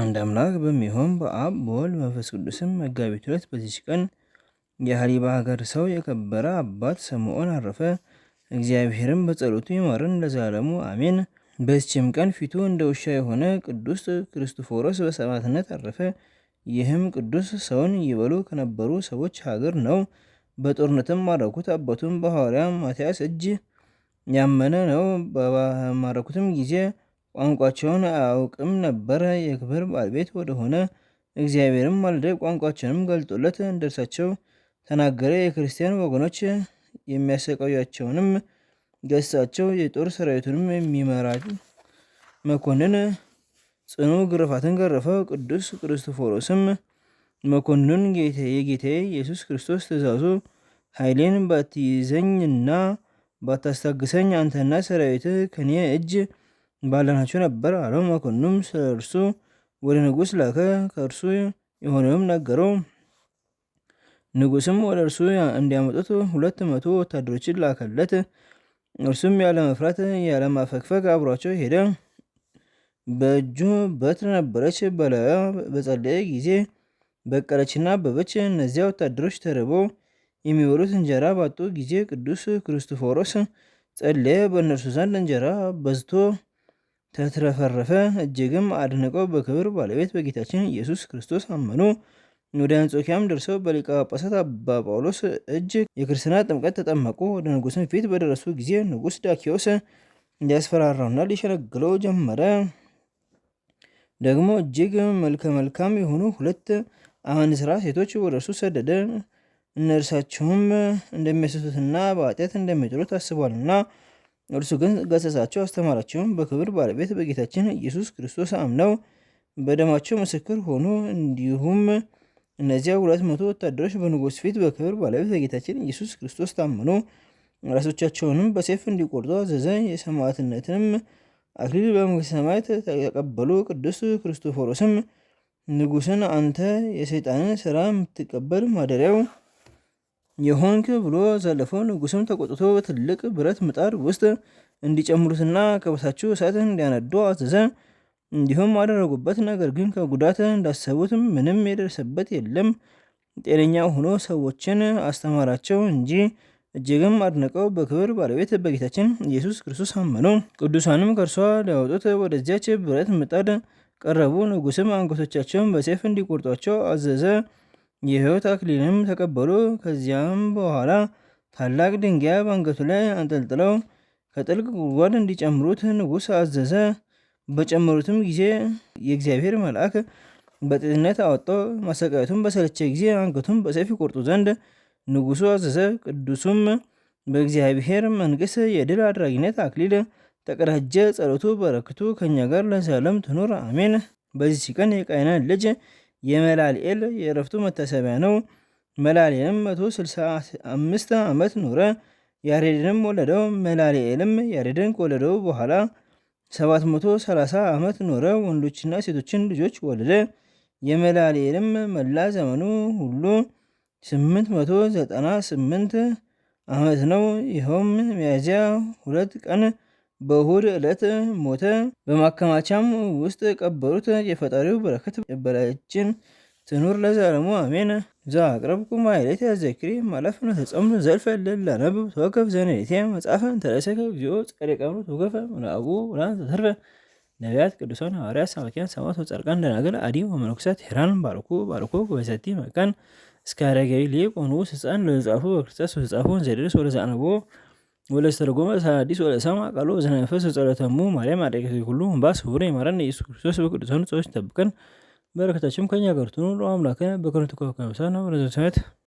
አንድ አምላክ በሚሆን በአብ በወልድ መንፈስ ቅዱስም መጋቢት ሁለት በዚች ቀን የሀሪባ ሀገር ሰው የከበረ አባት ስምዖን አረፈ። እግዚአብሔርም በጸሎቱ ይማረን ለዘላለሙ አሜን። በዚችም ቀን ፊቱ እንደ ውሻ የሆነ ቅዱስ ክርስቶፎሮስ በሰማዕትነት አረፈ። ይህም ቅዱስ ሰውን ይበሉ ከነበሩ ሰዎች ሀገር ነው። በጦርነትም ማረኩት። አባቱም በሐዋርያ ማትያስ እጅ ያመነ ነው። በማረኩትም ጊዜ ቋንቋቸውን አያውቅም ነበረ። የክብር ባለቤት ወደሆነ እግዚአብሔርም ማልደ ቋንቋቸውንም ገልጦለት እንደርሳቸው ተናገረ። የክርስቲያን ወገኖች የሚያሰቃያቸውንም ገሳቸው። የጦር ሰራዊቱንም የሚመራ መኮንን ጽኑ ግርፋትን ገረፈው። ቅዱስ ክርስቶፎሮስም መኮንን የጌታዬ ኢየሱስ ክርስቶስ ትእዛዙ ኃይሌን ባትይዘኝና ባታስታግሰኝ አንተና ሰራዊት ከኔ እጅ ባለናቸው ነበር አለው። መኮንኑም ስለ እርሱ ወደ ንጉስ ላከ፣ ከእርሱ የሆነውም ነገረው። ንጉስም ወደ እርሱ እንዲያመጡት ሁለት መቶ ወታደሮችን ላከለት። እርሱም ያለ መፍራት ያለ ማፈግፈግ አብሯቸው ሄደ። በእጁ በትር ነበረች። በላዩ በጸለየ ጊዜ በቀለችና አበበች። እነዚያ ወታደሮች ተርበው የሚበሉት እንጀራ ባጡ ጊዜ ቅዱስ ክርስቶፎሮስ ጸለየ። በእነርሱ ዘንድ እንጀራ በዝቶ ተትረፈረፈ። እጅግም አድንቀው በክብር ባለቤት በጌታችን ኢየሱስ ክርስቶስ አመኑ። ወደ አንጾኪያም ደርሰው በሊቀ ጳጳሳት አባ ጳውሎስ እጅ የክርስትና ጥምቀት ተጠመቁ። ወደ ንጉሥም ፊት በደረሱ ጊዜ ንጉስ ዳኪዎስ ሊያስፈራራውና ሊሸነግለው ጀመረ። ደግሞ እጅግ መልከ መልካም የሆኑ ሁለት አመንዝራ ሴቶች ወደ እርሱ ሰደደ። እነርሳቸውም እንደሚያስቱትና በኃጢአት እንደሚጥሉት አስቧልና እርሱ ግን ገሰሳቸው አስተማራቸውም። በክብር ባለቤት በጌታችን ኢየሱስ ክርስቶስ አምነው በደማቸው ምስክር ሆኑ። እንዲሁም እነዚያ ሁለት መቶ ወታደሮች በንጉሥ ፊት በክብር ባለቤት በጌታችን ኢየሱስ ክርስቶስ ታመኑ። ራሶቻቸውንም በሴፍ እንዲቆርጡ አዘዘ። የሰማዕትነትንም አክሊል በመንግሥተ ሰማያት ተቀበሉ። ቅዱስ ክርስቶፎሮስም ንጉሥን አንተ የሰይጣንን ስራ የምትቀበል ማደሪያው የሆንክ ብሎ ዘለፈው። ንጉስም ተቆጥቶ በትልቅ ብረት ምጣድ ውስጥ እንዲጨምሩትና ከበታችው እሳት እንዲያነዱ አዘዘ። እንዲሁም አደረጉበት። ነገር ግን ከጉዳት እንዳሰቡት ምንም የደረሰበት የለም። ጤነኛ ሆኖ ሰዎችን አስተማራቸው እንጂ እጅግም አድነቀው በክብር ባለቤት በጌታችን ኢየሱስ ክርስቶስ አመኑ። ቅዱሳንም ከእርሷ ሊያወጡት ወደዚያች ብረት ምጣድ ቀረቡ። ንጉስም አንገቶቻቸውን በሰይፍ እንዲቆርጧቸው አዘዘ። የሕይወት አክሊልም ተቀበሉ። ከዚያም በኋላ ታላቅ ድንጋይ በአንገቱ ላይ አንጠልጥለው ከጥልቅ ጉድጓድ እንዲጨምሩት ንጉሥ አዘዘ። በጨመሩትም ጊዜ የእግዚአብሔር መልአክ በጤትነት አወጦ። ማሰቃየቱን በሰለቸ ጊዜ አንገቱን በሰይፍ ቆርጡ ዘንድ ንጉሡ አዘዘ። ቅዱሱም በእግዚአብሔር መንግሥት የድል አድራጊነት አክሊል ተቀዳጀ። ጸሎቱ በረክቱ ከእኛ ጋር ለዘላለም ትኑር አሜን። በዚህ ቀን የቃይናን ልጅ የመላልኤል የእረፍቱ መታሰቢያ ነው። መላልኤልም 165 ዓመት ኖረ፣ ያሬድንም ወለደው። መላልኤልም ያሬድን ከወለደው በኋላ 730 ዓመት ኖረ፣ ወንዶችና ሴቶችን ልጆች ወለደ። የመላልኤልም መላ ዘመኑ ሁሉ 898 ዓመት ነው። ይኸውም ሚያዝያ ሁለት ቀን በእሁድ ዕለት ሞተ፣ በማከማቻም ውስጥ ቀበሩት። የፈጣሪው በረከት በላያችን ትኑር ለዘላለሙ አሜን። ዛ ዘአቅረብኩ ያዘክሪ ማለፍ ማለፍነ ተጸምዱ ዘልፈ ለላነብ ተወከፍ ዘንዴቴ መጽሐፈ እንተርእሰከ እግዚኦ ጻድቃኑ ተወከፈ ምልአቡ ወላንተ ተተርፈ ነቢያት፣ ቅዱሳን፣ ሐዋርያት፣ ሰባኪያን፣ ሰማዕታት፣ ጻድቃን፣ ደናግል፣ አዲ ወመነኮሳት ሄራን ባርኩ ባርኩ በሰቲ መካን እስከ አረጋዊ ሊቅ ሆኑ ስፃን ለተጻፉ በክርስቶስ ተጻፉ ዘደረስ ወደ ዛአነቦ ወለስተርጎመ ሳዲስ ወለሰማ ቃሎ ዘነፈስ ጸሎተሙ ማርያም አደቀ ሁሉ ባስ ሁሬ ማረን ኢየሱስ ክርስቶስ በቅዱሳኑ ጸሎት ይጠብቀን። በረከታችም ከኛ ጋር ትኑር። አምላከ በክረምቱ ኮከብ ሳና ረዘሰነት